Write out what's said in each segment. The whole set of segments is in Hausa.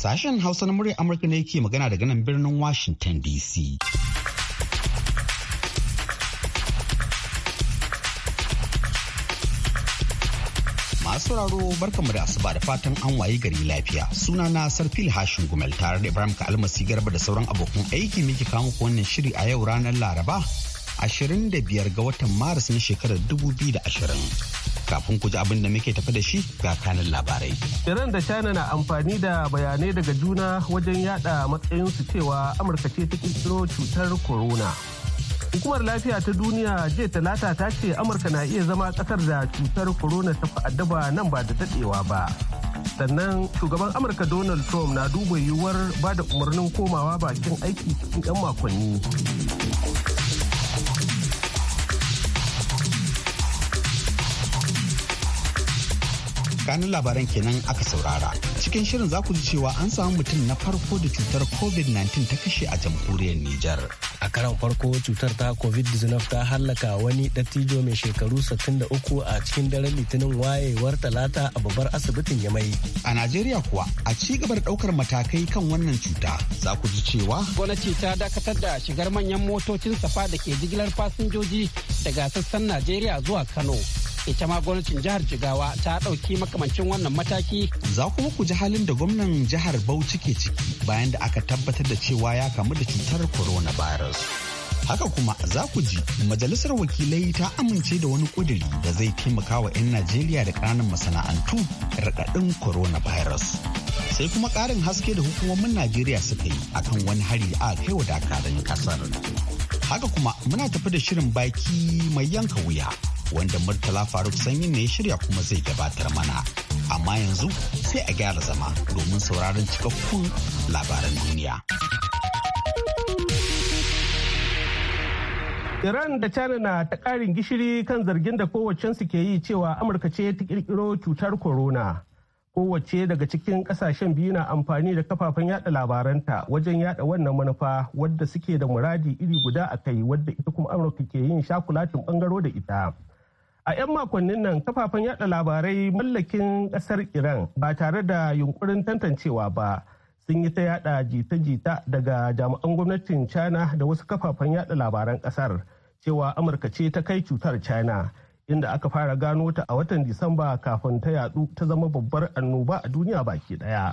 Sashen Hausa na murya Amurka ne ke magana daga nan birnin Washington DC. Masu raro barkanmu da asuba da fatan an wayi gari lafiya. Suna na Sarfil Hashin Gumel tare da Ibrahim Kalmasi Garba da sauran abokan aiki muke kawo wannan shiri a yau ranar Laraba 25 ga watan maris na shekarar 2020. kafin ku ji abin da muke tafi da shi ga kanin labarai. Iran da China na amfani da bayanai daga juna wajen yada matsayinsu cewa Amurka ce ta kirkiro cutar corona. Hukumar lafiya ta duniya jiya talata ta ce Amurka na iya zama kasar da cutar corona ta fa'addaba nan ba da dadewa ba. Sannan shugaban Amurka Donald Trump na duba yiwuwar ba da umarnin komawa bakin aiki cikin 'yan makonni. kanin labaran kenan aka saurara. Cikin shirin za ku ji cewa an samu mutum na farko da cutar COVID-19 ta kashe a jamhuriyar Nijar. A karan farko cutar ta COVID-19 ta hallaka wani dattijo mai shekaru 63 a cikin daren litinin wayewar talata a babbar asibitin Yamai. A Najeriya kuwa a ci gabar daukar matakai kan wannan cuta za ku ji cewa. Gwamnati ta dakatar da shigar manyan motocin safa da ke jigilar fasinjoji daga sassan Najeriya zuwa Kano. ita ma gwamnatin jihar jigawa ta ɗauki makamancin wannan mataki za kuma ku ji halin da gwamnan jihar bauchi ke ciki bayan da aka tabbatar da cewa ya kamu da cutar coronavirus haka kuma za ku ji majalisar wakilai ta amince da wani ƙudiri da zai taimaka wa 'yan najeriya da ƙananan masana'antu raɗaɗin coronavirus sai kuma ƙarin haske da hukumomin najeriya suka yi akan wani hari a kai wa dakarun ƙasar haka kuma muna tafi da shirin baki mai yanka wuya wanda Murtala Faruk Sanyin ne shirya kuma zai gabatar mana. Amma yanzu sai a gyara zama domin sauraron cikakkun labaran duniya. Iran da China na ta karin gishiri kan zargin da kowacensu ke yi cewa Amurka ce ta kirkiro cutar corona. Kowace daga cikin ƙasashen biyu na amfani da kafafen yada labaranta wajen yada wannan manufa wadda suke da muradi iri guda a kai wadda ita kuma Amurka ke yin shakulatin bangaro da ita. A 'yan makonnin nan kafafen yada labarai mallakin kasar Iran ba tare da yunkurin tantancewa ba sun yi ta yada jita-jita daga jami'an gwamnatin China da wasu kafafen yada labaran kasar cewa Amurka ce ta kai cutar China inda aka fara gano ta a watan Disamba kafin ta yadu ta zama babbar annoba a duniya baki daya.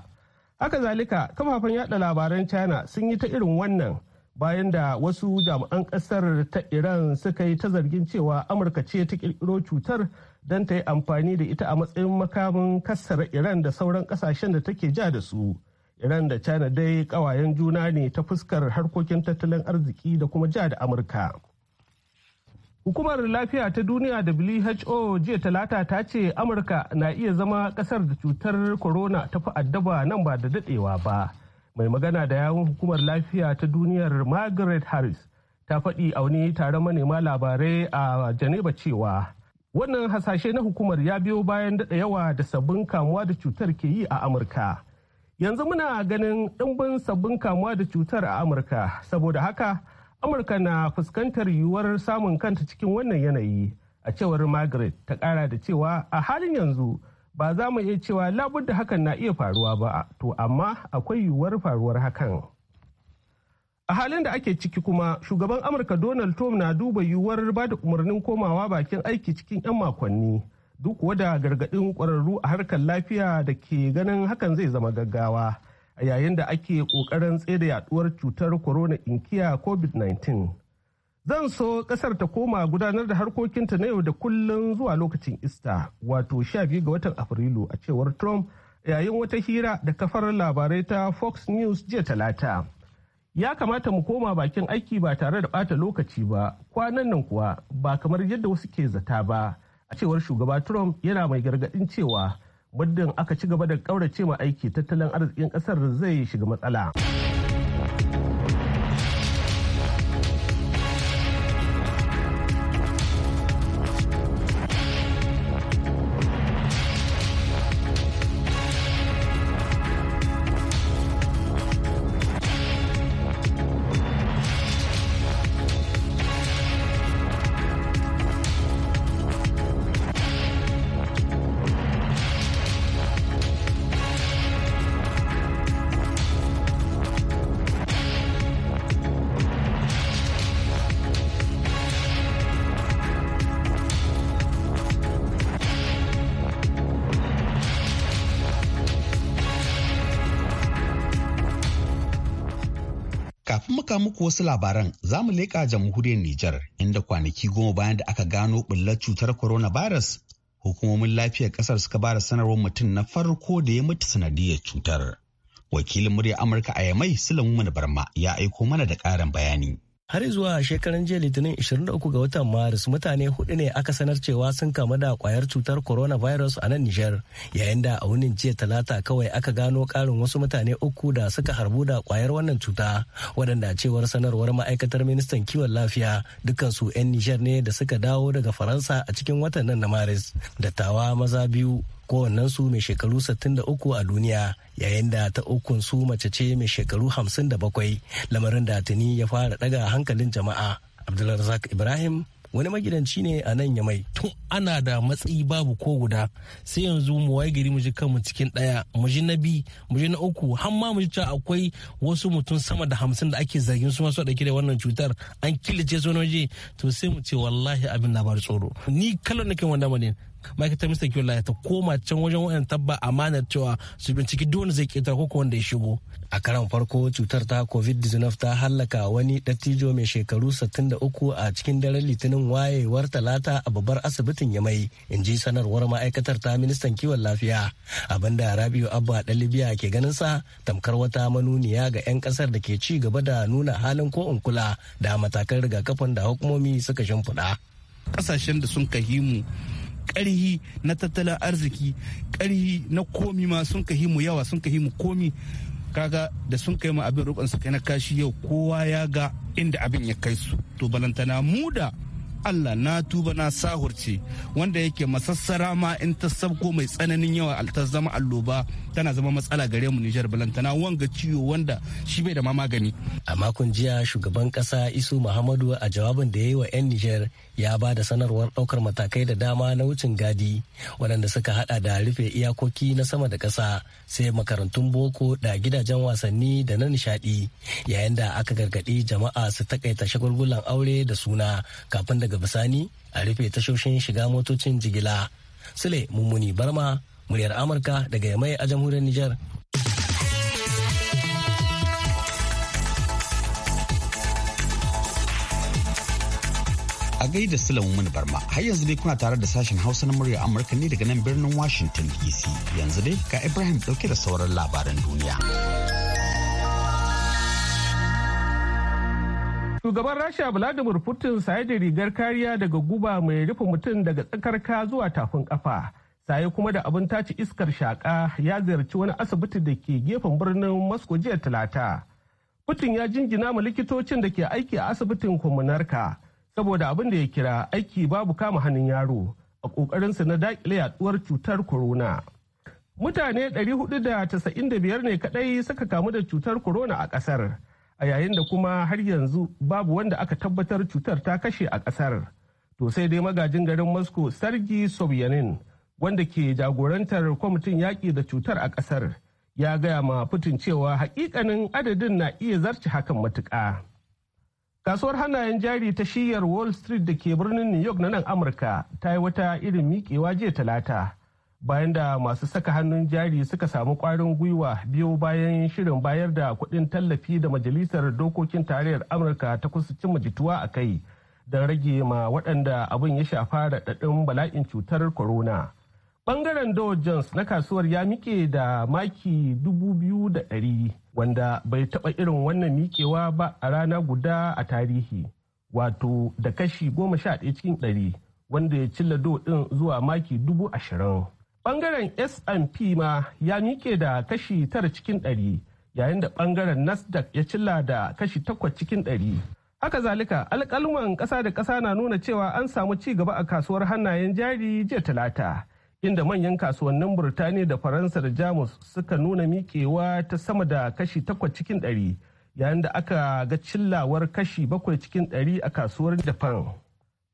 Haka zalika kafafen yada labaran China sun yi ta irin wannan bayan da wasu jami'an kasar ta iran suka yi ta zargin cewa amurka ce ta kirkiro cutar don ta yi amfani da ita a matsayin makamin kassara iran da sauran kasashen da take ja da su iran da china dai kawayen juna ne ta fuskar harkokin tattalin arziki da kuma ja da amurka hukumar lafiya ta duniya who jiya talata ta ce amurka na iya zama kasar da cutar corona ta fi addaba nan ba da dadewa ba mai magana da yawun hukumar lafiya ta duniyar margaret harris ta faɗi a wani taron manema labarai a janeba cewa wannan hasashe na hukumar ya biyo bayan daɗa yawa da sabbin kamuwa da cutar ke yi a amurka yanzu muna ganin ɗimbin sabbin kamuwa da cutar a amurka saboda haka amurka na fuskantar yiwuwar samun kanta cikin wannan yanayi a cewar margaret ta ƙara da cewa a halin yanzu ba za mu iya cewa da hakan na iya faruwa ba to amma akwai yiwuwar faruwar hakan a halin da ake ciki kuma shugaban amurka donald trump na duba yiwuwar ba da umarnin komawa bakin aiki cikin 'yan makonni duk wada gargaɗin ƙwararru a harkar lafiya da ke ganin hakan zai zama gaggawa a yayin da ake ƙoƙarin tsere yaduwar cutar corona inkiya covid-19 Zan so kasar ta koma gudanar da harkokinta na yau da kullun zuwa lokacin Ista, wato 12 ga watan Afrilu a cewar Trump yayin wata hira da kafar labarai ta Fox News jiya talata. ya kamata mu koma bakin aiki ba tare da bata lokaci ba kwanan nan kuwa ba kamar yadda wasu ke zata ba a cewar shugaba trump yana mai gargadin cewa muddin aka ci gaba da kaurace ma aiki tattalin arzikin kasar zai shiga matsala. buka muku wasu labaran za mu leƙa jamhuriyar Nijar inda kwanaki goma bayan da aka gano bullar cutar coronavirus hukumomin lafiyar ƙasar suka bada sanarwar mutum na farko da ya mutu sanadiyar cutar. Wakilin murya Amurka a Yamai Sulaimu Barma ya aiko mana da ƙarin bayani. har zuwa shekaran jiya litinin 23 ga watan maris mutane hudu ne aka sanar cewa sun kamu da kwayar cutar coronavirus a nan nijar yayin da a wunin jiya talata kawai aka gano karin wasu mutane uku da suka harbu da kwayar wannan cuta waɗanda cewar sanarwar ma'aikatar ministan kiwon lafiya dukansu 'yan nijar ne da suka dawo daga faransa a cikin watan nan na maris dattawa maza biyu su mai shekaru 63 a duniya yayin da ta ukun su mace ce mai shekaru 57 lamarin da tuni ya fara daga hankalin jama'a abdulrazak ibrahim wani magidanci ne a nan ya mai. tun ana da matsayi babu ko guda sai yanzu mu waye gari mu ji kanmu cikin daya mu ji na bi mu ji na uku har ma mu ji cewa akwai wasu mutum sama da hamsin da ake zargin su masu dauke da wannan cutar an killace su waje to sai mu ce wallahi abin na bar tsoro ni kallon nake wanda mane ma'aikatar mista kiwon lafiya ta koma can wajen wayan tabba amanar cewa su binciki duk zai ketar ko wanda ya shigo a karan farko cutar ta covid-19 ta hallaka wani dattijo mai shekaru 63 a cikin daren litinin wayewar talata a babbar asibitin yamai in ji sanarwar ma'aikatar ta ministan kiwon lafiya abinda rabiu abba dan libya ke ganin sa tamkar wata manuniya ga 'yan kasar da ke ci gaba da nuna halin ko in kula da matakan rigakafin da hukumomi suka shimfiɗa kasashen da sun kahimu ƙarhi na tattalin arziki ƙarhi na komi ma sun kahi mu yawa sun kahi mu komi kaga da sun kai mu abin rukun su kai na kashi yau kowa ya ga inda abin ya kai su to balantana mu da Allah na tuba na sahurce wanda yake masassara ma in ta sabko mai tsananin yawa ta zama alloba tana zama matsala gare mu Nijar balantana wanga ciwo wanda shi bai da ma magani. A makon jiya shugaban kasa Isu Muhammadu a jawabin da ya yi wa 'yan Nijar ya ba da sanarwar ɗaukar matakai da dama na wucin gadi waɗanda suka hada da rufe iyakoki na sama da ƙasa sai makarantun boko da gidajen wasanni da na nishaɗi yayin da aka gargaɗi jama'a su takaita shagulgulan aure da suna kafin daga bisani a rufe tashoshin shiga motocin jigila sule mummuni barma muryar amurka daga yamai a jamhuriyar niger da gaida Sulaiman Barma. Har yanzu dai kuna tare da sashen Hausa na murya Amurka ne daga nan birnin Washington DC. Yanzu dai ga Ibrahim dauke da sauran labaran duniya. Shugaban Rasha Vladimir Putin saye da rigar kariya daga guba mai rufe mutum daga tsakar ka zuwa tafin kafa. Saye kuma da abin tace iskar shaka ya ziyarci wani asibiti da ke gefen birnin Moscow jiya Talata. Putin ya jinjina ma likitocin da ke aiki a asibitin Komunarka. saboda abin da ya kira aiki babu kama hannun yaro a ƙoƙarinsa na daƙile yaduwar cutar corona. Mutane 495 ne kadai suka kamu da cutar corona a ƙasar, a yayin da kuma har yanzu babu wanda aka tabbatar cutar ta kashe a ƙasar. To sai dai magajin garin Moscow Sargi Sobyanin, wanda ke jagorantar kwamitin yaƙi da cutar a ƙasar, ya gaya ma fitin cewa hakikanin adadin na iya zarce hakan matuƙa. Kasuwar hannayen jari ta shiyar Wall Street da ke birnin New York na nan Amurka ta yi wata irin miƙewa jiya talata bayan da masu saka hannun jari suka samu ƙwarin gwiwa biyu bayan shirin bayar da kuɗin tallafi da Majalisar Dokokin Tarayyar Amurka ta kusa cimma jituwa a kai don rage ma waɗanda abin ya shafa raɗaɗin bala'in cutar corona. Bangaren Dow Jones na kasuwar ya mike da maki 2,100 wanda bai taɓa irin wannan mikewa ba a rana guda a tarihi, wato da kashi 11 cikin 100 wanda ya cilla Dow din zuwa maki 20,000. Bangaren S&P ma ya mike da kashi 9 cikin 100 yayin da bangaren Nasdaq ya cilla da kashi 8 cikin 100. Haka zalika alkalman ƙasa da ƙasa na nuna cewa an samu ci gaba a kasuwar hannayen jari jiya talata inda manyan kasuwannin Burtaniya da Faransa da Jamus suka nuna miƙewa ta sama da kashi takwas cikin ɗari yayin da aka ga cillawar kashi bakwai cikin ɗari a kasuwar Japan.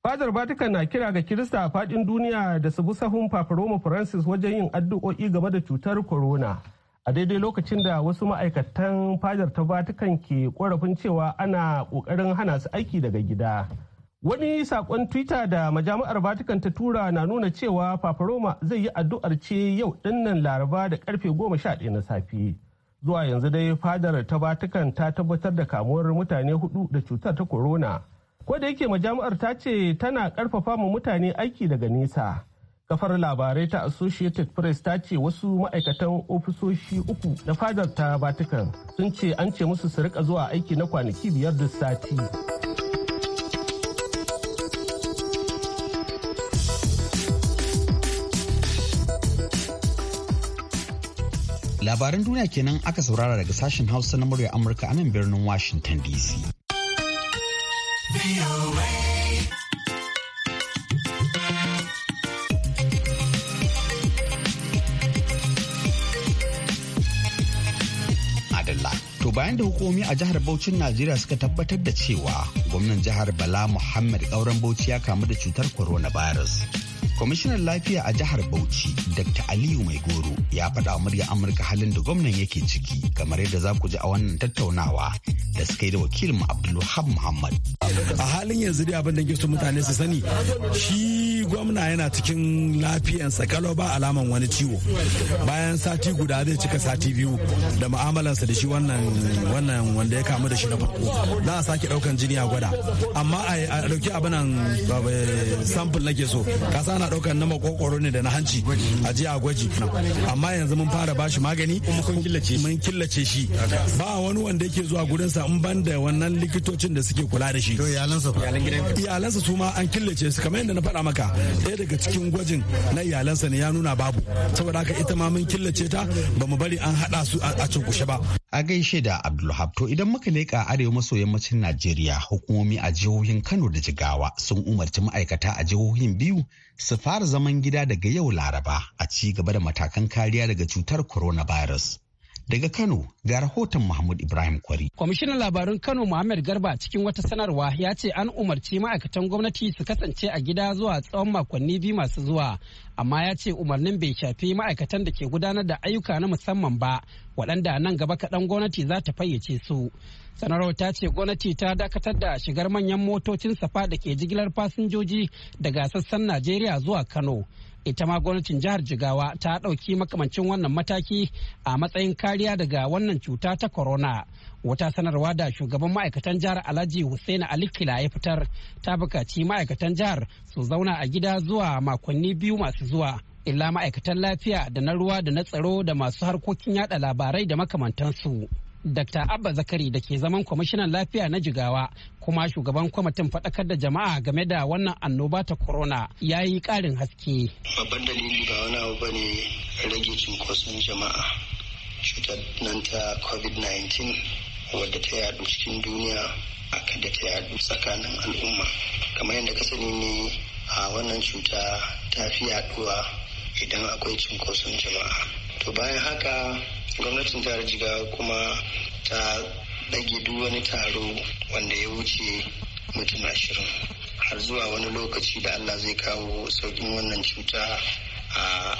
Fadar Vatican na kira ga Kirista a faɗin duniya da su bi sahun Paparoma Francis wajen yin addu'o'i game da cutar corona. A daidai lokacin da wasu ma'aikatan fadar ta Vatican ke korafin cewa ana ƙoƙarin hana su aiki daga gida. Wani sakon Twitter da majami'ar Vatican ta tura na nuna cewa Roma zai yi addu'ar ce yau dinnan Laraba da karfe 11 na safe. Zuwa yanzu dai fadar ta Vatican ta tabbatar da kamuwar mutane hudu da cutar ta corona. Ko da yake majami'ar ta ce tana karfafa ma mutane aiki daga nisa. Kafar labarai ta Associated Press ta ce wasu ma'aikatan ofisoshi uku na fadar ta Vatican sun ce an ce musu su rika zuwa aiki na kwanaki biyar da sati. labaran duniya kenan aka saurara daga sashen hausa na murya amurka a nan birnin washington dc To bayan da hukumomi a jihar Bauchin Najeriya suka tabbatar da cewa gwamnan jihar Bala Muhammad Kauran Bauchi ya kamu da cutar coronavirus. kwamishinan lafiya a jihar bauchi dr aliyu mai goro ya faɗa murya amurka halin da gwamnan yake ciki kamar yadda za ku ji a wannan tattaunawa da suka yi da wakilin abdulwahab muhammad a halin yanzu dai abin da ke so mutane su sani shi gwamna yana cikin lafiyan sakalo ba alaman wani ciwo bayan sati guda zai cika sati biyu da mu'amalansa da shi wannan wannan wanda ya kamu da shi na farko za a sake daukan jini a gwada amma a dauki abinan sample nake so ka sa ana daukan na makokoro ne da na hanci a je a gwaji amma yanzu mun fara bashi magani mun killace shi ba wani wanda yake zuwa gurinsa in ban da wannan likitocin da suke kula da shi iyalansa su ma an killace su kamar yadda na faɗa maka ɗaya daga cikin gwajin na iyalansa ne ya nuna babu saboda haka ita ma mun killace ta ba mu bari an haɗa su a cunkushe ba a gaishe da Abdulhabto idan muka leƙa arewa maso yammacin najeriya hukumomi a jihohin kano da jigawa sun umarci ma'aikata a jihohin biyu su fara zaman gida daga yau laraba a ci gaba da matakan kariya daga cutar coronavirus Daga Kano ga rahoton Mahmud Ibrahim Kwari. Kwamishinan labarun Kano Muhammad Garba cikin wata sanarwa ya ce an umarci ma'aikatan gwamnati su kasance a gida zuwa tsawon makonni biyu masu zuwa. Amma ya ce umarnin bai shafi ma'aikatan da ke gudanar da ayyuka na musamman ba waɗanda nan gaba kaɗan gwamnati za ta fayyace su. sanarwar ta ce gwamnati ta dakatar da shigar manyan motocin safa da ke jigilar fasinjoji daga sassan najeriya zuwa kano ita ma gwamnatin jihar jigawa ta ɗauki makamancin wannan mataki a matsayin kariya daga wannan cuta ta corona wata sanarwa da shugaban ma'aikatan jihar alhaji Hussaini alikila ya fitar ta bukaci ma'aikatan jihar su zauna a gida zuwa makonni biyu masu zuwa illa ma'aikatan lafiya da na ruwa da na tsaro da masu harkokin yada labarai da makamantansu. Dr. Abba Zakari da ke zaman kwamishinan lafiya na Jigawa kuma shugaban kwamitin faɗakar da jama'a game da wannan annoba ta corona ya yi ƙarin haske. Babban dalili ba wani abu bane rage cunkoson jama'a. Cutar nan ta COVID-19 wadda ta yadu cikin duniya a da ta yadu tsakanin al'umma. Kamar yadda ka sani ne a wannan cuta ta fi yaduwa idan akwai cunkoson jama'a. to bayan haka gwamnatin jihar jiga kuma ta ɗage duk wani taro wanda ya wuce mutum ashirin har zuwa wani lokaci da allah zai kawo saukin wannan cuta a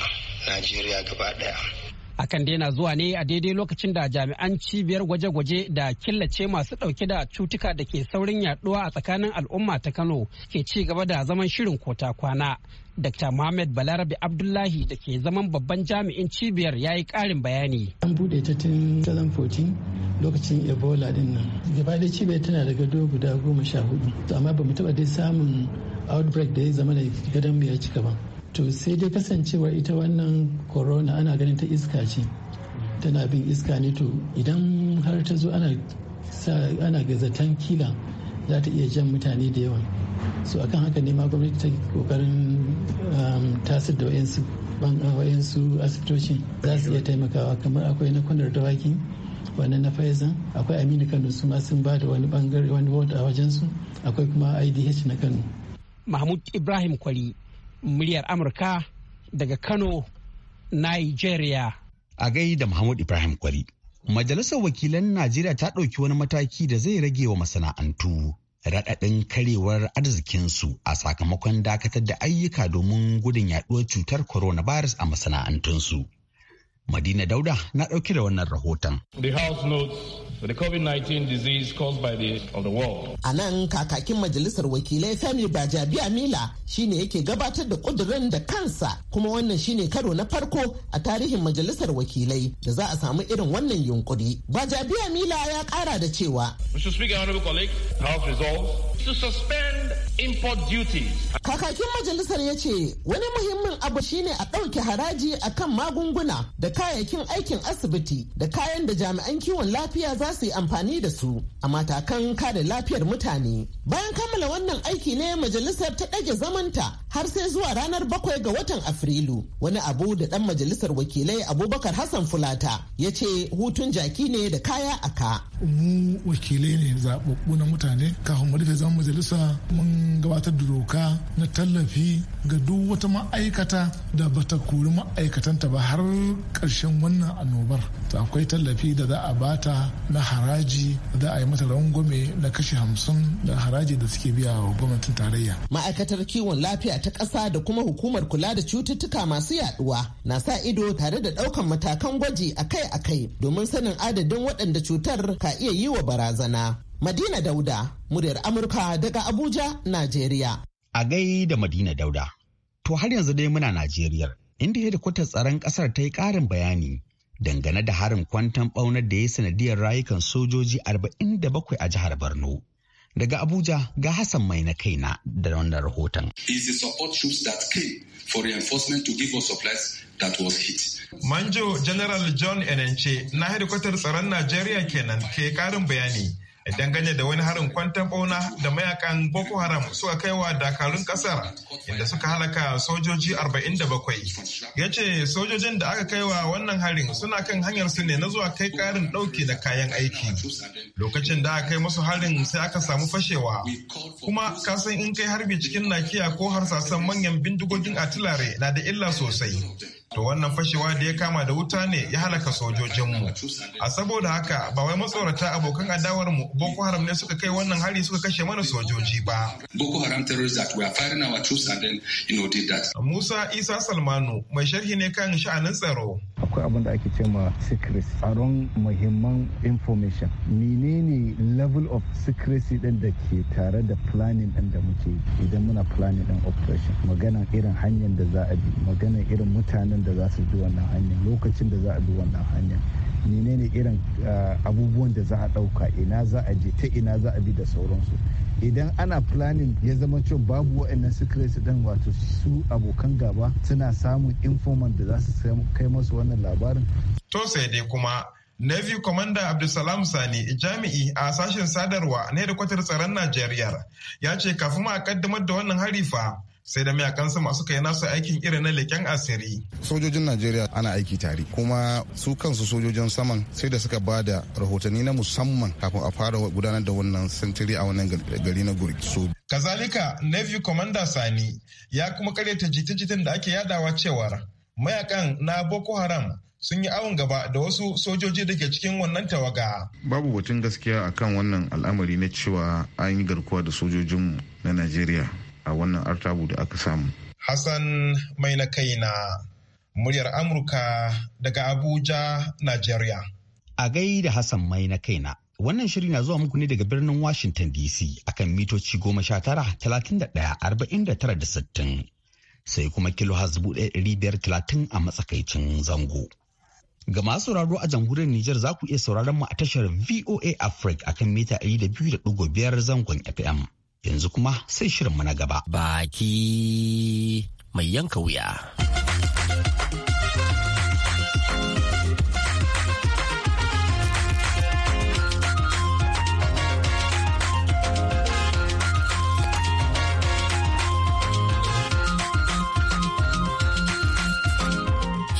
najeriya gaba ɗaya akan dai na zuwa ne a daidai lokacin da jami'an cibiyar gwaje-gwaje da killace masu ɗauke da cutuka da ke saurin yaduwa a tsakanin al'umma ta Kano ke ci gaba da zaman shirin kota kwana. Dr. Mohamed Balarabe Abdullahi da ke zaman babban jami'in cibiyar ya yi ƙarin bayani. An buɗe ta tun 2014 lokacin Ebola din nan. Gaba da cibiyar tana da gado guda goma sha hudu. Amma ba mu taɓa dai samun outbreak da ya zama da gadon mu ya cika ba. to sai dai kasancewa ita wannan corona ana ganin ta iska ce tana bin iska ne to idan har ta zo ana gazatan kila za ta iya jan mutane da yawa so akan haka ne ma gwamnati ta kokarin um, tasir da wayansu uh, wayansu asibitocin za su iya taimakawa kamar akwai na kwanar dawaki wannan na faizan akwai aminu kano su ma sun ba da wani bangare wani ward a wajensu akwai kuma idh na kano mahmud ibrahim kwari muryar amurka daga kano nigeria a da muhammad ibrahim kwari majalisar wakilan najeriya ta ɗauki wani mataki da zai rage wa masana'antu raɗaɗin karewar arzikinsu a sakamakon dakatar da ayyuka domin gudun yaɗuwar cutar coronavirus a masana'antunsu. Madina Dauda na ɗauki da wannan rahoton. The House notes the A nan kakakin majalisar wakilai Femi Bajabiya Mila shine yake gabatar da kudirin da kansa kuma wannan shine karo na farko a tarihin majalisar wakilai da za a samu irin wannan yunkuri. Bajabiya Mila ya kara da cewa. Mr. Speaker, honorable colleague, House suspend import duties. Kakakin majalisar ya ce wani muhimmin abu shine a ɗauke haraji a kan magunguna da kayayyakin aikin asibiti da kayan da jami'an kiwon lafiya za su yi amfani da su a matakan kare lafiyar mutane. Bayan kammala wannan aiki ne majalisar ta ɗage zamanta har sai zuwa ranar bakwai ga watan Afrilu. Wani abu da ɗan majalisar wakilai Abubakar Hassan Fulata ya ce hutun jaki ne da kaya a ka. Mu wakilai ne zaɓaɓɓu na mutane kafin mu rufe zaman majalisa mun gabatar da doka na tallafi ga duk wata ma'aikata da bata kori ma'aikatanta ba har karshen wannan annobar to akwai tallafi da za a bata na haraji da a yi mata rangwame na kashi hamsin da haraji da suke biya wa gwamnatin tarayya ma'aikatar kiwon lafiya ta ƙasa da kuma hukumar kula da cututtuka masu yaduwa na sa ido tare da ɗaukan matakan gwaji akai-akai domin sanin adadin waɗanda cutar ka iya yi wa barazana Madina Dauda, muryar Amurka daga Abuja, Najeriya. A gai da Madina Dauda. To har yanzu dai muna Najeriya, inda ya hedikwatar tsaron ƙasar ta yi ƙarin bayani dangane da harin kwantan ɓaunar da ya sanadiyar rayukan sojoji 47 a jihar Borno. Daga Abuja ga Hassan mai na kaina da wannan rahoton. Is the support troops that came for reinforcement to give us supplies that was hit. Manjo General John Enenche na hedikwatar tsaron Najeriya kenan ke karin bayani dangane da wani harin kwantar bauna da mayakan Boko Haram suka kai wa dakarun kasar inda suka halaka sojoji 47. Ya ce sojojin da aka kaiwa wannan harin suna kan hanyarsu ne na zuwa kai karin ɗauke da kayan aiki. Lokacin da aka kai musu harin sai aka samu fashewa. Kuma kasan in kai harbi cikin nakiya ko harsasan manyan bindigogin atilare na da illa sosai. To wannan fashewa da ya kama da wuta ne ya halaka sojojinmu. A saboda haka ba wai matsorata abokan adawarmu Boko Haram ne suka kai wannan hari suka kashe mana sojoji ba. Boko Haram terrorists that were firing our troops and then you know did that. Musa Isa Salmanu mai sharhi ne kan sha'anin tsaro. Akwai abin da ake ce ma secret tsaron muhimman information. Menene level of secrecy din da ke tare da planning din da muke idan muna planning din operation. Maganan irin hanyar da za a bi, maganan irin mutanen lokacin da za su bi wannan hanyar lokacin da za a bi wannan hanyar menene irin ah, abubuwan da za a ɗauka ina za a je ta ina za a bi da sauransu idan ana planning ya zama cewa babu waɗannan secrets din wato su abokan gaba suna samun informant da za su kai masu wannan labarin. To sai dai kuma Navy Commander Abdulsalam Sani jami'i a sashen sadarwa na hedikwatar tsaron Najeriya ya ce kafin a kaddamar da wannan harifa sai da mayakan sama suka yi nasu aikin irin na leken asiri. Sojojin Najeriya ana aiki tare kuma su kansu sojojin saman sai da suka ba da rahotanni na musamman kafin a fara gudanar da wannan sintiri a wannan gari na Gurki. Kazalika Navy Commander Sani ya kuma karyata jita-jitan da ake yadawa cewar mayakan na Boko Haram sun yi awon gaba da wasu sojoji da ke cikin wannan tawaga. Babu batun gaskiya akan wannan al'amari na cewa an yi garkuwa da sojojinmu na Najeriya. a wannan artabu da aka samu. Hassan mai na kaina muryar Amurka daga Abuja, Najeriya. A da Hassan mai na kai na, Wannan shiri na zuwa muku ne daga birnin Washington DC akan mitoci goma sha tara talatin da ɗaya arba'in da tara da sittin sai kuma kilo has buɗe ɗari biyar talatin a matsakaicin zango. Ga masu sauraro a jamhuriyar Nijar za ku iya sauraron mu a tashar VOA Africa akan mita ɗari zangon FM. yanzu kuma sai shirinmu na gaba. Baki mai yanka wuya.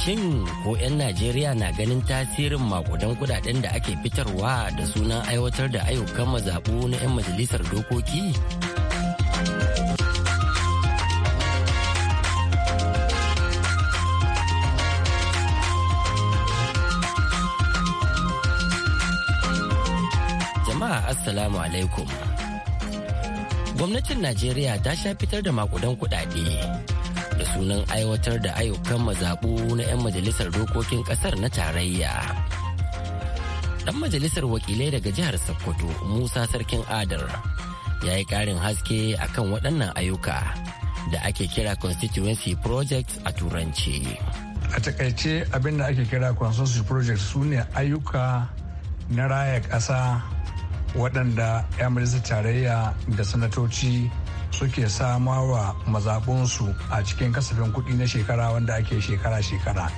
Shin ko 'yan Najeriya na ganin tasirin makudan kudaden da ake fitarwa da sunan aiwatar da ayyukan mazaɓu na 'yan majalisar dokoki? Jama'a Assalamu alaikum. Gwamnatin Najeriya ta sha fitar da makudan kudade. sunan aiwatar da ayyukan mazaɓu na 'yan majalisar dokokin ƙasar na tarayya. Ɗan majalisar wakilai daga jihar Sokoto Musa Sarkin Adar ya yi ƙarin haske a kan waɗannan ayyuka da ake kira constituency project a turanci. A takaice abin da ake kira constituency project su ne ayyuka na raya ƙasa waɗanda 'yan majalisar tarayya da sanatoci suke wa mazaɓunsu a cikin kasafin kuɗi na shekara wanda ake shekara-shekara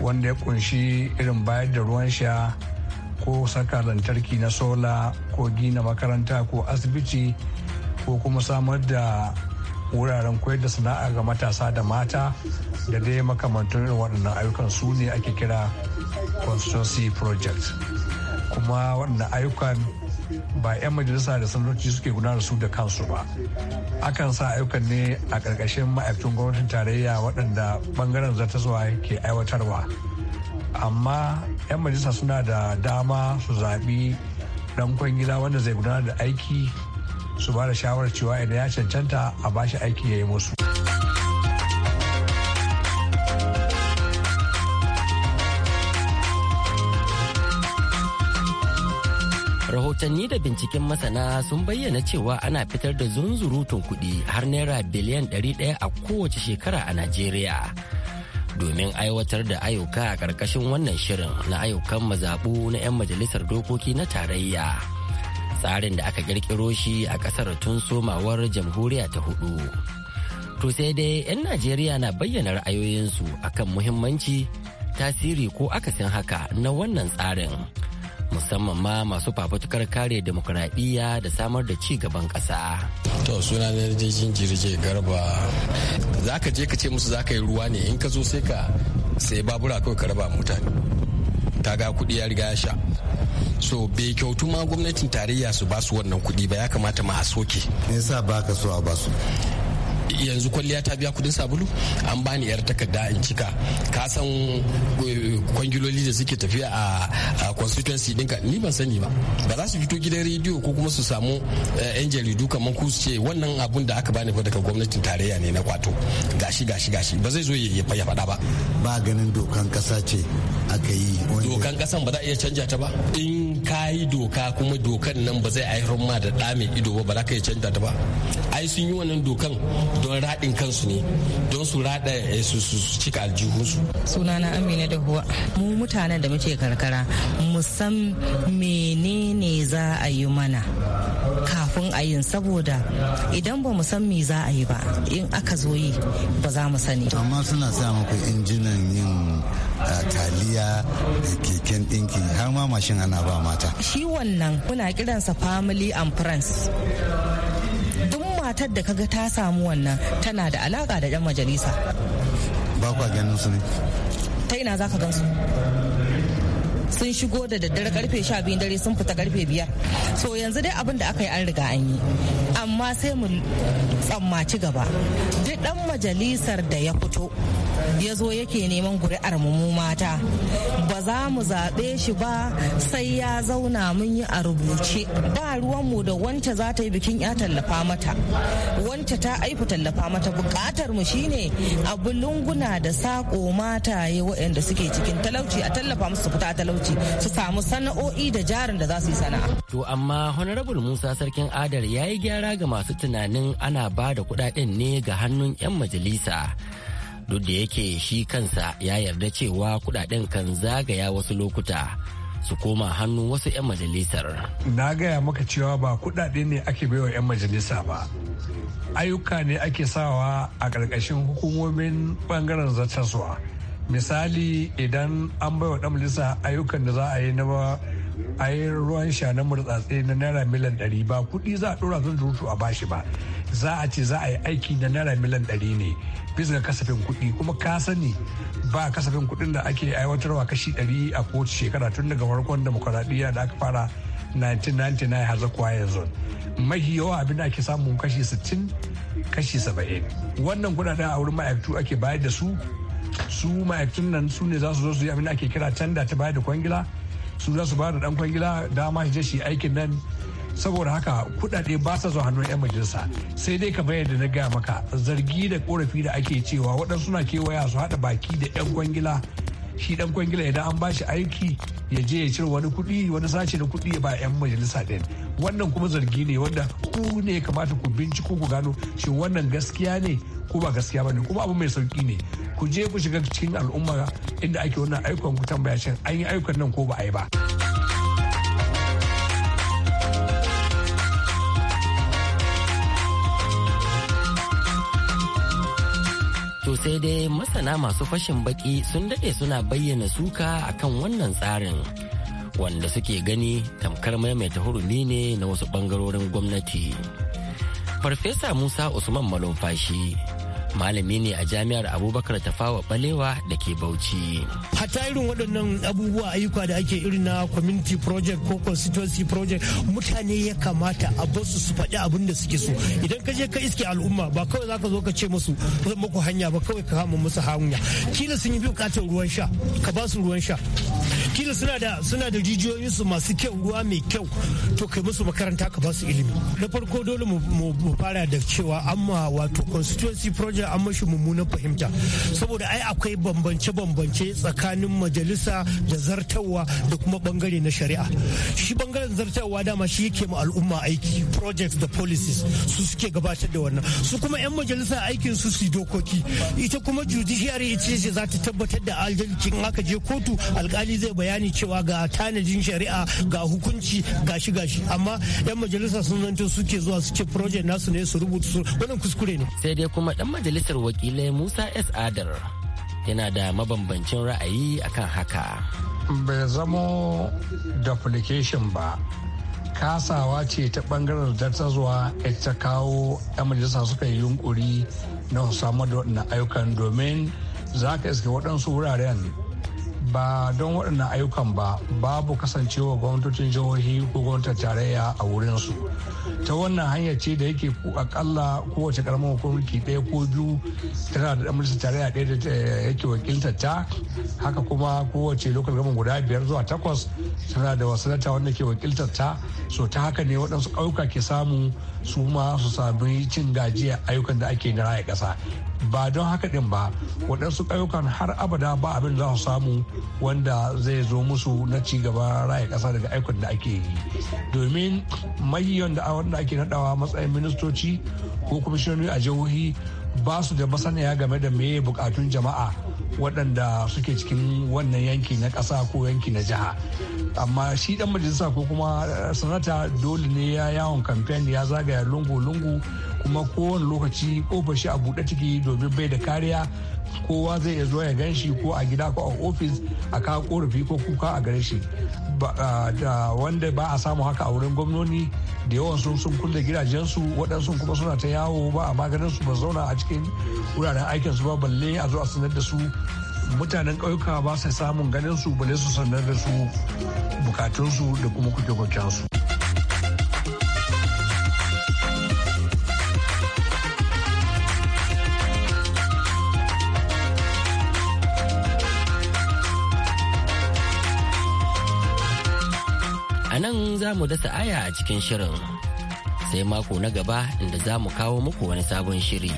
wanda ya kunshi irin bayar da ruwan sha ko saka lantarki na sola ko gina makaranta ko asibiti ko kuma samar da wuraren koyar da sana'a ga matasa da mata da dai makamantun irin waɗannan ayyukan su ne ake kira constituency project kuma waɗannan ayyukan ba 'yan majalisa da sanarci suke gudanar su da kansu ba akan sa ayyukan ne a ƙarƙashin ma'aikacin gwamnatin tarayya waɗanda ɓangaren zartaswa ke aiwatarwa amma 'yan majalisa suna da dama su zaɓi ɗan kwangila wanda zai gudanar da aiki su ba da shawarar cewa idan ya cancanta a bashi aiki ya yi musu. rahotanni da binciken masana sun bayyana cewa ana fitar da zunzurutun kuɗi har naira biliyan 100 a kowace shekara a najeriya domin aiwatar da ayyuka a ƙarƙashin wannan shirin na ayyukan mazaɓu na 'yan majalisar dokoki na tarayya tsarin da aka ƙirƙiro shi a ƙasar tun somawar jamhuriya ta hudu to sai dai 'yan najeriya na bayyana ra'ayoyinsu akan muhimmanci tasiri ko akasin haka na wannan tsarin. musamman ma masu fafutukar kare demokuraɗiyya da samar da ci gaban ƙasa. To suna na jirgin garba za ka je ka ce musu za ka yi ruwa ne in ka zo sai ka sai babura kawai ka raba mutane ta ga kuɗi ya riga ya sha so bai kyautu ma gwamnatin tarayya su ba su wannan kuɗi ba ya kamata ma a soke. Me yasa ba ka so a su? yanzu kwalliya ta biya kudin sabulu an bani yar takarda in cika ka san eh, kwangiloli da suke tafiya a constituency dinka ni ban sani ba ba za su fito gidan rediyo ko kuma su samu eh, yan jaridu kamar ku su ce wannan abun da aka bani fa daga gwamnatin tarayya ne na kwato gashi gashi gashi ba zai zo ya faɗa ba ba ganin dokan kasa ce aka yi dokan kasan ba za a iya canja ta ba in ka yi doka kuma dokan nan ba zai haifar ma da ɗa mai ido ba ba za ka iya canja ta ba ai sun yi wannan dokan don raɗin kansu ne don su raɗa eh, su cika aljihunsu. sunana amina da huwa mu mutanen da muke karkara musam menene za a yi mana kafin a yin saboda idan ba san me za a yi ba in aka zo yi ba za mu sani amma suna sa muku injinan yin eh, taliya da keken dinki har ma mashin ana ba mata shi wannan muna kiransa family and friends matar da kaga ta samu wannan tana da alaka da yan majalisa ba kwa ganin su ne ta ina za ka gan su sun shigo da daddare karfe 12 dare sun fita karfe 5 so yanzu dai abin da aka yi an riga an yi amma sai mu tsammaci gaba duk dan majalisar da ya fito ya zo yake neman guri'ar mu mata ba za mu zaɓe shi ba sai ya zauna mun yi a rubuce ba ruwanmu da wance za ta yi bikin ya tallafa mata wance ta aifu tallafa mata bukatar mu shine abu lunguna da saƙo ya waɗanda suke cikin talauci a tallafa musu su fita talauci su samu sana'o'i da jarin da za su yi sana'a to amma honorable musa sarkin adar ya yi gyara kira ga masu tunanin ana ba da kudaden ne ga hannun 'yan majalisa duk da yake shi kansa ya yarda cewa kudaden kan zagaya wasu lokuta su koma hannu wasu 'yan majalisar. Na gaya maka cewa ba kudade ne ake baiwa 'yan majalisa ba. Ayyuka ne ake sawa a ƙarƙashin hukumomin ɓangaren zartaswa. misali idan an bai wa dan majalisa ayyukan da za a yi na a yi ruwan sha na murtsatse na naira miliyan ɗari ba kuɗi za a ɗora zan rutu a bashi ba za a ce za a yi aiki na naira miliyan ɗari ne bisa ga kasafin kuɗi kuma ka sani ba kasafin kuɗin da ake aiwatarwa kashi ɗari a kowace shekara tun daga farkon demokuraɗiyya da aka fara 1999 har zakuwa yanzu mahi yawa abin da ake samun kashi 60 kashi 70 wannan kuɗaɗen a wurin ma'aikatu ake bayar da su su ma'aikatan nan su ne za su zo su yi abin da ake kira tanda ta bayar da kwangila su za su ba da dan kwangila dama shi je shi aikin nan saboda haka kudade ba sa zuwa hannun 'yan majalisa sai dai kamar yadda na gaya maka zargi da korafi da ake cewa waɗansu na kewaya su haɗa baki da 'yan kwangila shi dan kwangila idan an bashi aiki ya je ya cire wani kuɗi wani sace na kuɗi ya ba 'yan majalisa ɗin wannan kuma zargi ne wanda ku ne ya kamata ku binciko ku gano shi wannan gaskiya ne ko ba gaskiya ba ne kuma abu mai sauki ne ku je ku shiga cikin al'umma inda ake wannan aikon ku tambaya shin an yi aikon nan ko ba a yi ba. To sai dai masana masu fashin baki sun daɗe suna bayyana suka akan wannan tsarin wanda suke gani tamkar maimaita hurumi ne na wasu ɓangarorin gwamnati. Farfesa Musa Usman Malumfashi malami ne a jami'ar abubakar ta tafawa balewa da ke bauchi hata irin waɗannan abubuwa ayyuka da ake irin na community project ko constituency project mutane ya kamata a basu su faɗi abin da suke so idan ka je ka iske al'umma ba kawai za ka zo ka ce musu zan muku hanya ba kawai ka kama musu hanya kila sun yi bukatar ruwan sha ka ba su ruwan sha kila suna da suna da rijiyoyin masu kyau ruwa mai kyau to kai musu makaranta ka basu ilimi na farko dole mu fara da cewa amma wato constituency project an mashi mummunan fahimta saboda ai akwai bambance-bambance tsakanin majalisa da zartawa da kuma bangare na shari'a shi bangaren zartawa dama shi yake ma al'umma aiki projects da policies su suke gabatar da wannan su kuma 'yan majalisa aikin su su dokoki ita kuma judiciary ita ce za ta tabbatar da adalci in aka je kotu alkali zai baya. bayani cewa ga tanajin shari'a ga hukunci gashi gashi amma yan majalisa sun zanto suke zuwa suke project nasu ne su rubuta su wannan kuskure ne sai dai kuma dan majalisar wakilai Musa S Adar yana da mabambancin ra'ayi akan haka bai zamo duplication ba kasawa ce ta bangaren zuwa ita kawo 'yan majalisa suka yi yunkuri na su samar da waɗannan ayyukan domin za ka iske waɗansu wuraren ba don waɗannan ayyukan ba babu kasancewa gwamnatocin jihohi ko gwamnatar tarayya a wurinsu ta wannan hanya ce da yake akalla kowace karamar hukumarki ɗaya ko biyu tana da amurka tarayya ɗaya da eh, yake wakiltar ta haka kuma kowace lokal gama guda biyar zuwa takwas tana da wasanata wanda ke wakiltar ta so ta haka ne waɗansu ƙauyuka ke samu su ma su sami cin gajiya ayyukan da ake na raya ƙasa ba don haka din ba waɗansu ƙauyukan har abada ba abin za su samu wanda zai zo musu na ci gaba raya ƙasa daga aikin da ake yi domin mayiyan da ake naɗawa matsayin ministoci ko kwamishinoni a jihohi ba su da masaniya game da meye bukatun jama'a waɗanda suke cikin wannan yanki na ƙasa ko yanki na jiha amma shi dan majalisa ko kuma eh, sanata dole ne ya yawon kamfen ya zagaya lungu-lungu kuma kowane lokaci kofar shi a buɗe ciki domin bai da kariya kowa zai iya zuwa ya gan shi ko a gida ko a ofis a kawo korafi ko kuka a gare shi da wanda ba a samu haka a wurin gwamnoni da yawan sun sun kulle gidajensu waɗansu kuma suna ta yawo ba a maganin su ba zauna a cikin wuraren aikin su ba balle a zo a sanar da su mutanen ƙauyuka ba su samun ganin su balle su sanar da su bukatunsu da kuma kuke su. za mu dasa aya a cikin shirin sai mako na gaba inda za mu kawo muku wani sabon shiri.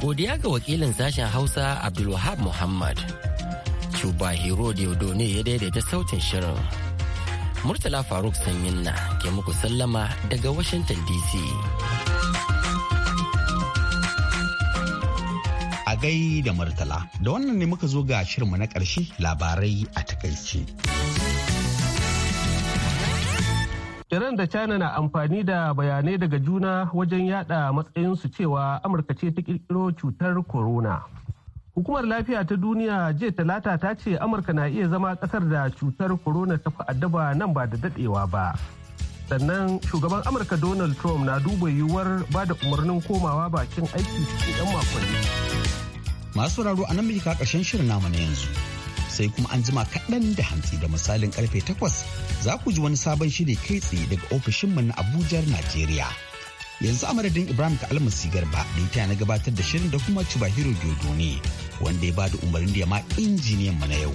Godiya ga wakilin sashen Hausa Abdulwahab Muhammad. Cuba Hero ne ya daidaita sautin shirin. Murtala Faruk Sanyin na ke muku sallama daga Washington DC. A gai da Murtala, da wannan ne muka zo ga shirinmu na ƙarshe labarai a takaice. Iran da China na amfani da bayanai daga juna wajen yada matsayinsu cewa Amurka ce ta kirkiro cutar corona. Hukumar lafiya ta duniya jiya talata ta ce Amurka na iya zama kasar da cutar corona ta fi addaba nan ba da dadewa ba. Sannan shugaban Amurka Donald Trump na duba yiwuwar ba da umarnin komawa bakin aiki cikin 'yan makonni. Masu sauraro a nan shirin namu na yanzu. sai kuma an jima kaɗan da hantsi da misalin karfe takwas za ku ji wani sabon shiri kai tsaye daga ofishinmu na Abuja, Najeriya. Yanzu amadadin Ibrahim ka almasi garba da ita na gabatar da shirin da kuma Cibahiro ne wanda ya bada umarnin da ya ma injiniyan mu na yau.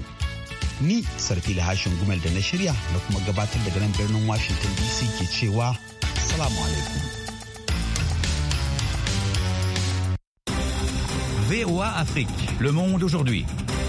Ni Sarfi Hashin Gumel da na shirya na kuma gabatar da nan birnin Washington DC ke cewa Salamu alaikum. VOA Afrique, le monde aujourd'hui.